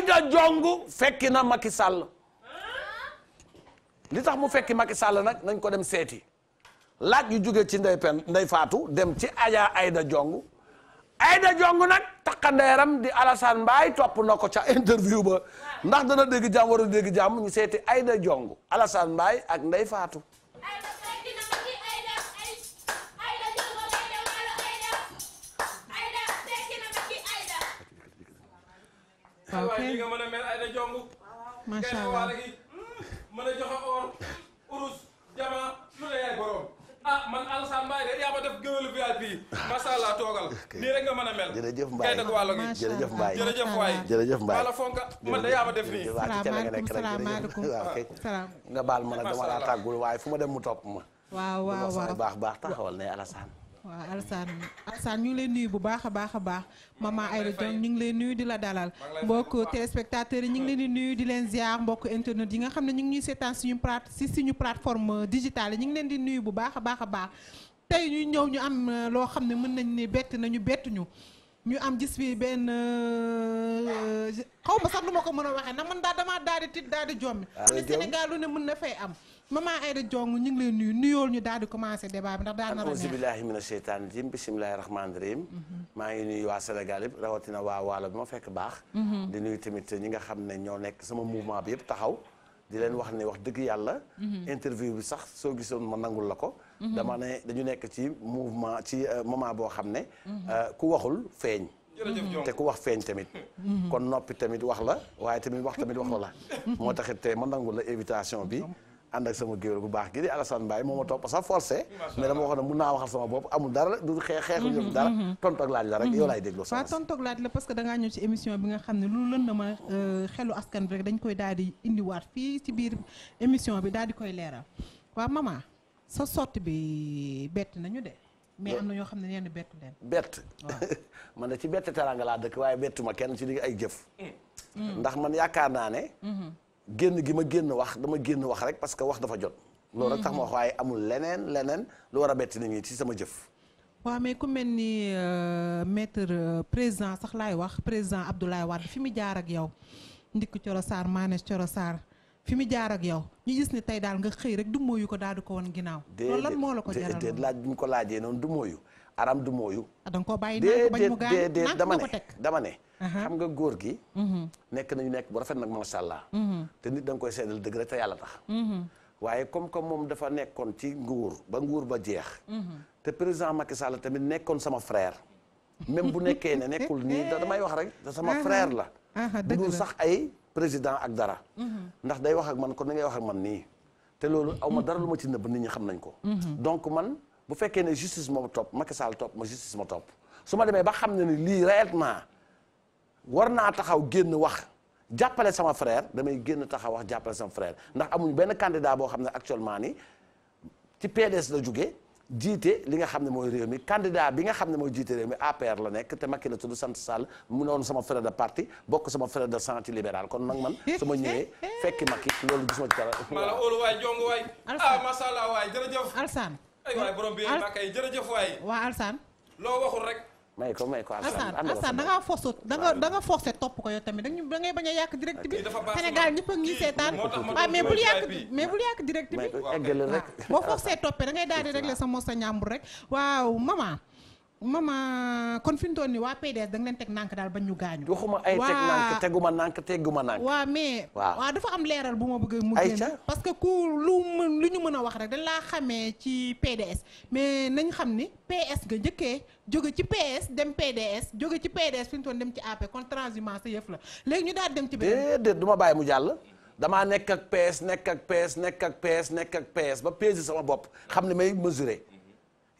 Aïda Ndiongue fekki na makki Sall li tax mu fekki Macky Sall nag nañ ko dem seeti laaj yu jóge ci ndey pen ndey faatu dem ci Adja ayda Ndiongue ayda Ndiongue nag takkandeeram di Alassane mbaay topp na ko ca interview ba ndax dana dégg jàmm war a dégg jàmm ñu seeti ayda Ndiongue Alassane mbaay ak ndey faatu waaw ah, kay waaye a mel ay da jong. macha allah hmm, mën a ah, nii rek nga mën a mel. jërëjëf Mbaye kay wàll gi jërëjëf Mbaye jërëjëf waay jërëjëf Mbaye wala fonka man de ma def nii. Ah, nga baal ma nag dama laa tàggul waaye fu ma dem mu topp ma. waaw waaw waaw baax baax waaw Alassane Alassane ñu ngi lay nuyu bu baax a baax a baax maman Aïda Dione ñu ngi lay nuyu di la dalal mbokk téléspectateurs yi ñu ngi leen di nuyu di leen ziar mbokk internet yi nga xam ne ñu ngi ñuy seetaan ñu plate si suñu plateforme digitale yi ñu ngi leen di nuyu bu baax a baax a baax tey ñu ñëw ñu am loo xam ne mën nañ ne bett nañu bettuñu ñu am gis fi benn euh, xaw ma sax lu ma ko mën a waxee ndax man daa damaa daal di tiit daal di jommi ah, ne Sénégal ne mën na fay am ma maman Aïda Diong ñu ngi leen nuyu nuyool ñu daal di commencé débat bi ndax daal na auzu billahi mina sheytaani rajim mhm. maa ngi nuyu waa Sénégal yëpp rawatina waa waalo bi ma fekk baax mhm. di nuyu tamit ñi nga xam ne ñoo nekk sama mouvement bi yëpp taxaw di leen wax ne wax dëgg yàlla mhm. interview bi sax soo gisoon ma nangul la ko Mm-hmm. dama ne dañu nekk ci mouvement ci euh, moment boo xam ne mm-hmm. euh, ku waxul feeñ te ku wax feeñ tamit mm-hmm. kon noppi tamit wax la waaye tamit wax tamit wax la la moo taxit tey eh, ma nangu la invitation bi ànd ak sama géwél bu baax gi di Alassane Mbaye moo ma topp sax forcé mais dama waxoon ne mun naa waxal sama bopp amul dara du xeex xeexu ñëpp dara tontoog laaj la rek yow laay déglu waaw tontoog laaj la parce que da ngaa ñëw ci émission bi nga xam ne lu lën na euh, xelu askan bi rek dañ koy daal di indiwaat fii ci biir émission bi daal di koy leeral waaw mama sa sortie bi bett nañu de. mais am na ñoo xam ne nee na bettu leen. bett man da ci bett teranga laa dëkk waaye bettu ma kenn ci di ay jëf. Mm. Mm. ndax man yaakaar naa ne. Mm-hmm. génn gi ma génn wax dama génn wax rek parce que wax dafa jot. loolu rek tax ma wax mm-hmm. waaye amul leneen leneen lu war a bett nit ñi ci sama jëf. waaw mais ku mel ni euh, maître euh, président sax laay wax président Abdoulaye Wade fi mu jaar ak yow ndikk Coro Sarr Manes Coro Sarr fi mu jaar ak yow ñu gis ni tey daal nga xëy rek du mooyu ko daal di ko woon ginnaaw. loolu lan moo la ko jaral déedéet laaj bi mu du mooyu aram du mooyu. Ah, da nga bàyyi naa ko bañ mu gaañ déedéet dama ne dama uh-huh. ne. nga góor gi. Mm-hmm. nekk nañu nekk bu rafet nag macha allah. Mm-hmm. te nit da nga koy seedal dëgg rek te yàlla tax. Mm-hmm. waaye comme que moom dafa nekkoon ci nguur ba nguur ba jeex. te président Macky Sall tamit nekkoon sama frère. même bu nekkee ne nekkul nii damay wax rek. sama uh-huh. frère la. Uh-huh, dëgg sax ay. président ak dara. ndax day wax ak man kon ni ngay wax man nii. te loolu aw ma dara lu ma ci nëbb nit ñi xam nañ ko. donc man bu fekkee ne justice moo topp Macky Sall topp ma justice ma topp su ma demee ba xam ne ni lii réellement war naa taxaw génn wax. jàppale sama frère damay génn taxaw wax jàppale sama frère ndax amuñu benn candidat boo xam ne actuellement ni ci PDS la jóge jiite li nga xam ne mooy réew mi candidat bi nga xam ne mooy jiite réew mi APR la nekk te makki la tudd sant Sall mu noonu sama frère de parti bokk sama frère de santé libéral kon nag man su ma ñëwee fekki Macky loolu gisuma ci dara. maanaam óolu waay jong waay. ah macha allah Alsaan. loo waxul rek. may ko may ko Assane Assane da ngaa forcé da nga da nga forcé topp ko yow tamit da ngay bañ a yàq direct bi ah, Sénégal ñëpp a ngi seetaan waaw mais bul yàq mais bul yàq direct bi ah. boo forcé toppee da ngay daal di régler sa mos sa ñàmbur rek waaw maman maman kon fi mu toll nii waa PDS da nga leen teg nànk daal bañ ñu gaañu. waxuma ay teg nànk teguma nànk teguma nànk. waaw mais waaw dafa am leeral bu ma bëgg mu génn parce que ku lu mën lu ñu mën a wax rek dañ laa xamee ci PDS mais nañ xam ni PS nga njëkkee jóge ci PS dem PDS jóge ci PDS fi mu toll dem ci AP kon transhumance sa yëf la léegi ñu daal dem ci. beneen déedéet du ma bàyyi mu jàll. damaa nekk ak PS nekk ak PS nekk ak PS nekk ak PS ba PS sama bopp xam ne may mesurer.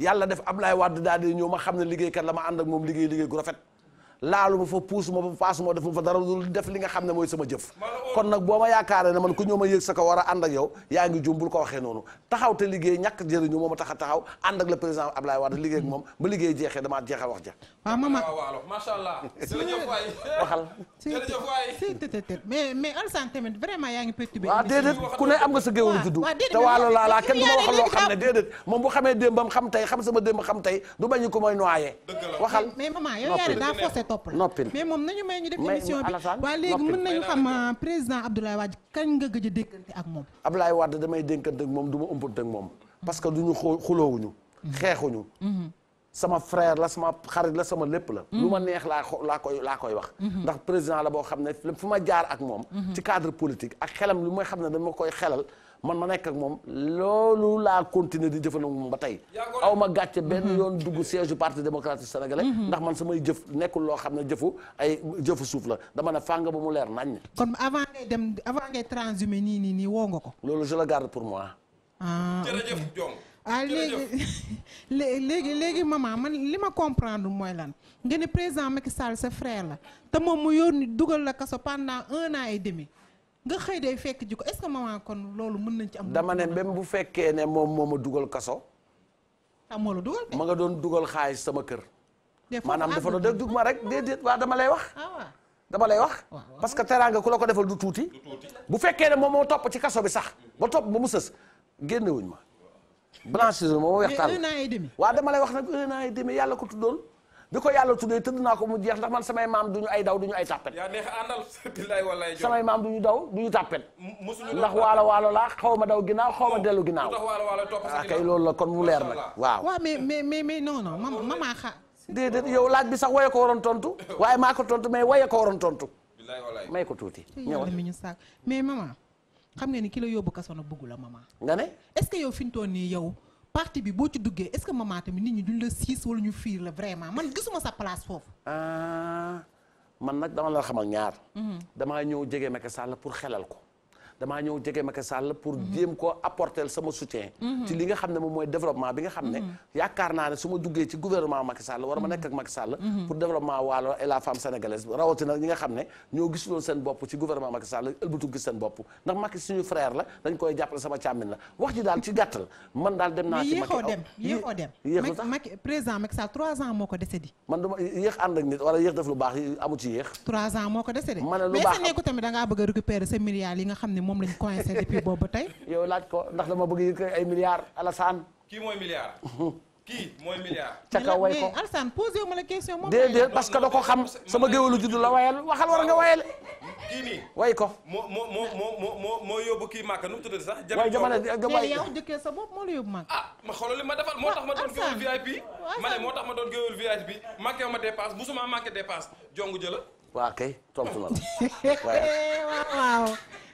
yàlla def Ablaye Wade daal di ñëw ma xam ne liggéeykat la ma ànd ak liggéey liggéey gu laalu ma fa puus ma fa faas ma defu fa dara lu def li nga xam ne mooy sama jëf kon nag boo ma yaakaaree ne man ku ñëw ma yëg sa ko war a ànd ak yow yaa ngi jum bul ko waxee noonu taxaw te liggéey ñàkk jëriñu moom a tax a taxaw ànd ak le président Ablaye Wade liggéey ak moom ba liggéey jeexee damaa jeexal wax ja waaw mama ah, macha yaa ngi perturbé waaw déedéet ku ne am nga sa géewul juddu te waalo laa laa kenn du ma wax loo xam ne déedéet moom bu xamee démbam xam tey xam sama démb xam tey du bañ ko mooy noyé waxal topp la mais moom nañu may ñu def émission bi waa léegi mën nañu xam euh, président Abdoulaye Wade kañ nga gëj a dénkante ak moom Abdoulaye Wade damay dénkante moom du ëmpante moom parce que duñu xoo xuloowuñu mhm. xeexuñu mhm. sama frère la sama xarit la sama lépp la lu ma mhm. neex laa laa koy laa koy wax ndax président la boo xam ne fu ma jaar ak moom ci cadre politique ak xelam lu may xam ne dama koy xelal man ma nekk ak moom loolu laa continuer di jëfandikoo moom ba tey awma ma gàcce benn mhm. yoon dugg siège parti démocratique sénégalais mhm. ndax man samay jëf nekkul loo xam ne jëfu ay jëfu suuf la dama ne fàng ba mu leer nañ kon avant ngay dem avant ngay transhumé nii nii nii woo nga ko loolu je le garde pour moi ah, ah léegi léegi léegi maman man li ma comprendre mooy lan nga ne président Macky Sall sa frère la te moom mu yónni dugal la kaso pendant un an et demi nga xëy day fekk ji ko est-ce que maman kon loolu mën nañ ci am. dama ne même bu fekkee ne moom moo ma dugal kaso. ah la dugal ma nga doon dugal xaalis sama kër. maanaam dafa doon dug ma rek déedéet waa dama lay wax. Ah, dama lay wax parce que teraanga ku la ko defal du tuuti. bu fekkee ne moom moo topp ci kaso bi sax ba topp ba mu sës génnewuñ ma. blanchisseur moom moo weex taal waaw dama lay wax nag un an et demi yàlla ko tuddoon. bi ko yàlla tuddee tëdd naa ko mu jeex ndax man samay maam duñu ay daw duñu ay tàppet yaa neex àndal billaay wallaay samay maam duñu daw duñu tàppet ndax waalo waalo laa xaw ma daw ginnaaw xaw ma oh, dellu ginnaaw ah kay loolu la kon mu leer nag waaw waaw mais mais mais mais non non mamaa xa déedéet yow laaj bi sax waye ko waroon tontu waaye maa ko tontu mais waye ko waroon tontu may ko tuuti ñëwal mi ñu saak mais maman xam nga ni ki la yóbbu kaso na bëggu la maman nga ne est yow fi ñu toon nii yow parti bi boo ci duggee est-ce que maman tamit nit ñi duñ la siis wala ñu fiir la vraiment man gisuma sa place foofu. Euh, man nag dama la xamal ñaar. Mhm. damaa ñëw jege Macky Sall pour xelal ko. damaa ñëw jege Macky Sall pour mhm. jéem koo apporter sama soutien mhm. ci li nga xam ne moom mooy développement bi nga xam ne mhm. yaakaar naa ne su ma duggee ci gouvernement Macky Sall war ma nekk ak Macky Sall pour développement waalo et la femme sénégalaise rawatina ñi nga xam ne ñoo gisuloon seen bopp ci gouvernement Macky Sall ëlbatu gis seen bopp ndax Macky suñu frère la dañ koy jàppale sama càmmin la wax ji daal ci gàttal man daal dem naa ci ma ne lu baax da ngaa bëgg a moom lañ coincé depuis boobu ba tey. yow laaj ko ndax dama bëgg yëg ay milliards Alassane. kii mooy milliard. kii way ko mais Alassane posé la question. moom xam sama géwélu juddu la wayal waxal war nga wayal. kii nii way ko. moo moo moo moo moo moo yóbbu kii màkk nu mu tuddati sax. a jafe waaye yow jëkkee sa bopp moo la yóbbu màkk. ah ma xoolal ma defal moo tax ma doon géwél VIP. ma ne moo tax ma doon géwél VIP màkkee ma dépense musuma màkkee dépense jongu jëla. waaw kay tontu na la waaw.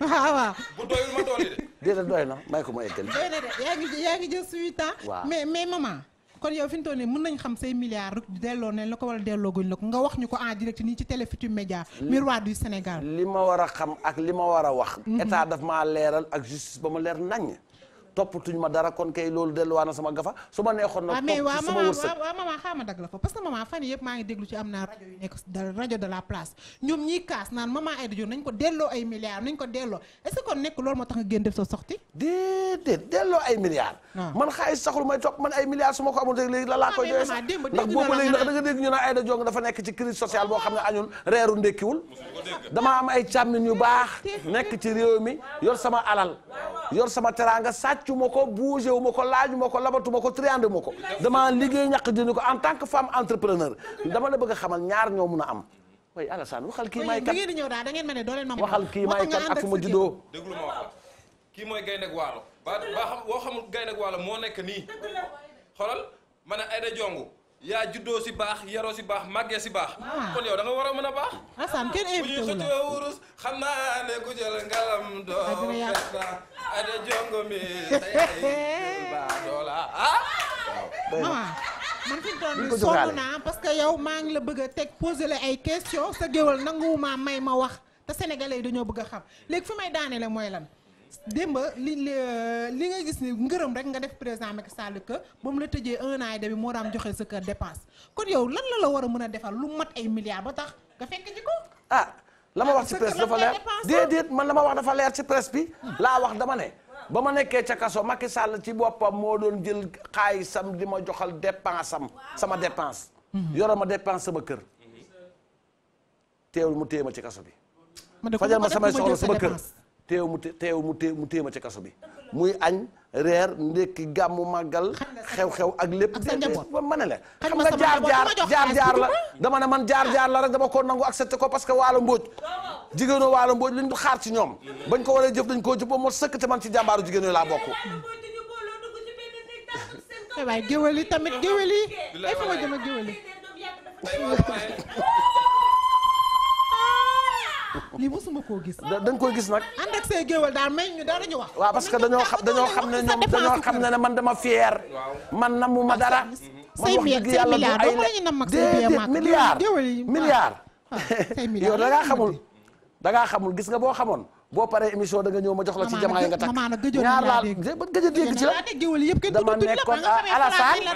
waaw ah, waaw. bu doyul ma doole de. déedéet doy na may ko ma eggal. doy na de yaa ngi yaa ngi jël suñu temps. Ah. waaw mais mais maman. kon yow fi ñu toll nii mën nañ xam say milliards rek delloo nañ la ko a delloo guñ la ko nga wax ñu ko en direct nii ci Télé média Médias miroir du Sénégal. li ma war a xam ak li ma war a wax. Mhm. état daf maa leeral ak justice ba ma leer nañ toppatuñ ma dara kon kay loolu delluwaa na sama gafa su ma neexoon na ah, topp sama wërsëg waaw maman xaama dag la fa parce que maman fan yëpp maa ngi déglu ci am naa rajo yu nekk ko delloo ay milliards nañ ko delloo est-ce que kon nekk loolu ah. man xaalis saxul may topp man ay milliards su ma ko amul léegi la laa koy ah, joxe sax ndax dafa nekk ci crise sociale boo xam ne añul reeru ndékkiwul dama am ay càmmin yu baax nekk ci réew mi yor sama alal yor sama teraanga sàccu ma ko bougé wu ma ko laaju ma ko labatu ma ko triande ma ko damaa liggéey ñàkk dindi ko en tant que femme entrepreneur dama la bëgg xamal ñaar ñoo mun a am way Alassane waxal kii may kat waxal kii may kat ak fu ma juddoo déglu ma wax kii mooy gaynde ak waalo ba baa xam boo xamul gaynde ak waalo moo nekk nii xoolal ma ne Aïda Diongue yaa juddoo si baax yaroo si baax màggee si baax. Ah. kon yow da war a mën a baax. Assane kenn invité wu la bu ñuy yàlla ah. man fi doon ni sonn naa parce que yow maa ngi la bëgg a teg posé la ay question sa géwal nanguwuma may ma wax te sénégalais dañoo bëgg a xam léegi fi may daanelee mooy lan. démba li euh, li ngay gis ni ngërëm rek nga def président Macky Sall que ba mu la tëjee un an et demi moo daam joxee sa kër dépense kon yow lan la la war a mën a defar lu mat ay milliards ba tax nga fekk ci ko. ah la ma ah, wax ci presse dafa leer déedéet man la ma wax dafa leer ci presse bi. Hmm. laa wax dama ne. ba ma nekkee ca kaso Macky Sall ci boppam moo doon jël xaalisam di ma joxal dépense am sama dépense. Hmm. yoro ma dépense sama kër. Hmm. teewul mu téye ma ci kaso bi. fajal ma samay soxla sama kër. teew mu teew mu teew mu téye ma ci kaso bi muy añ reer ndekki gàmmu màggal xew-xew ak lépp déedéet ma ne la xam nga jaar jaar jaar la dama ne man jaar jaar la rek dama ko nangu accepté ko parce que waalo mbooj jigéenoo waalo mbooj luñ du xaar ci ñoom bañ ko waree jëf dañ koo jëf ba moo sëkk te man ci jàmbaaru jigéen laa bokk waaye yi tamit géwél yi ay fa ma jëm ak lii mosuma koo gis. dañ koo gis nag. ànd ak say géwal daal may ñu dara ñu wax. waaw parce que dañoo xam dañoo xam ne ñoom dañoo xam ne man dama fier. man namu ma dara. man wax dëgg yàlla du ay déedéet milliard milliard. Ah, yow da ngaa xamul da xamul gis nga boo xamoon. boo paree émission da nga ñëw ma jox la ci jamaa yi nga takk ñaar laa gëj a dégg ci la dama nekkoon Alassane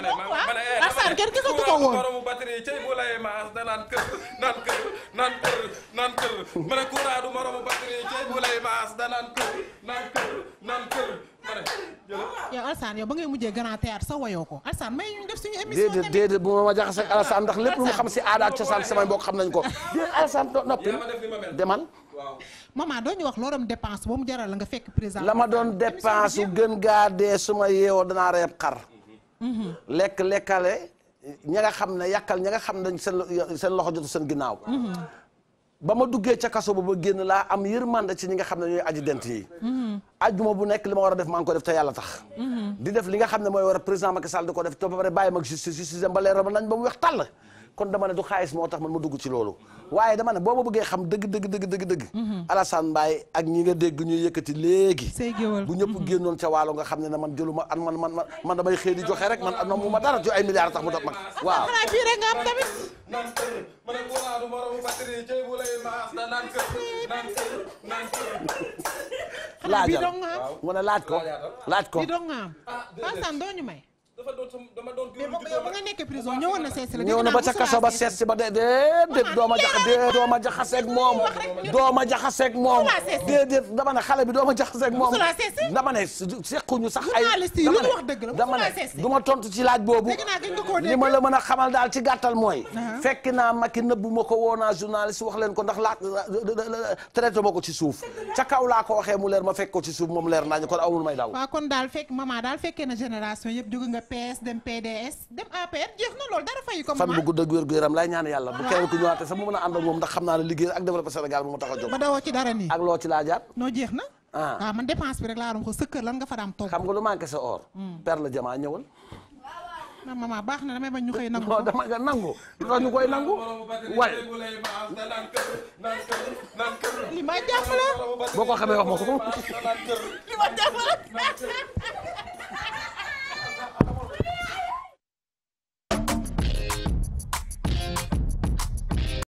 Alassane kenn gisatu ko woon boromu batterie cey bu lay maas da naan kër naan kër naan kër naan kër ma ne kuraa du moromu batterie cey bu lay maas da naan kër naan kër yow Alassane yow ba ngay mujjee grand théâtre sax wayoo ko Alassane may ñu def suñu émission déedéet déedéet bu ma ma jaxase ak Alassane ndax lépp lu mu xam si aada ak cosaan samay mbokk xam nañ ko déedéet Alassane noppil demal maman doo ñu wax loo doon dépense ba mu jaral la nga fekk président la ma doon dépense yu gën gaa dee su ma yeewoo danaa reeb xar mhm. lekk lekkale ña nga xam ne yàkkal ña nga xam ne seen seen loxo jotu seen ginnaaw mhm. ba ma duggee ca kaso ba ba génn laa am yërmande ci ñi nga xam ne ñooy aji dent yi ajjuma bu nekk li ma war a def maa ko def te yàlla mhm. di def li nga xam ne mooy war a président Macky Sall di ko def te ba pare bàyyi mag justice justice ba leeral ba nañ ba mu weex tàll kon dama ne du xaalis moo tax man ma dugg ci loolu waaye dama ne boo ma bëggee xam dëgg dëgg dëgg dëgg dëgg mhm. Alassane ak ñi nga dégg ñuy yëkkati léegi bu ñëpp mhm. génnoon ca waalo nga xam ne ne man jëlu ma an man a man man damay xëy di joxe rek man na mu ma dara ci ay tax mu dot mag waaw kii rek nga am tamit naan kër ma ne wolaadu moromu batterie cay bu lay laaj ko laaj ko bi dong nga am ah, may dafa doon sama dama doon. mais ba nga nekkee prison ñëwoon na sees la. ñëw na ba ca kaso ba jaxaseeg moom dama ne xale bi a jaxaseeg moom dama ne sequñu sax ay dama ne du ma tontu ci laaj boobu li ma la mën a xamal daal ci gàttal mooy uh-huh. fekk naa Macky ma ko woonaa journaliste wax leen ko ndax laa traité ma ko ci suuf ca laa ko waxee mu leer ma fekk ko ci suuf moom leer naa ñu kon amul may daw waaw kon daal fekk maman daal fekkee na génération yëpp jóg nga PS dem PDS dem APR jeex na loolu dara fayu ko. fan bu gudd ak wér gu yaram laay ñaan yàlla bu keneen ku ñëwaatee sax mu mën a ànd ak moom ndax xam naa ne liggéey ak développé Sénégal bu a tax a jóg. ba dawoo ci dara nii ak loo ci laa noo jeex na. ah waaw ah, man bi rek hmm. la jamaa ñëwal. non maman baax na damay bañ ñu koy nangu. nangu. nangu. li ma jàpp boo ko xamee wax ma ko.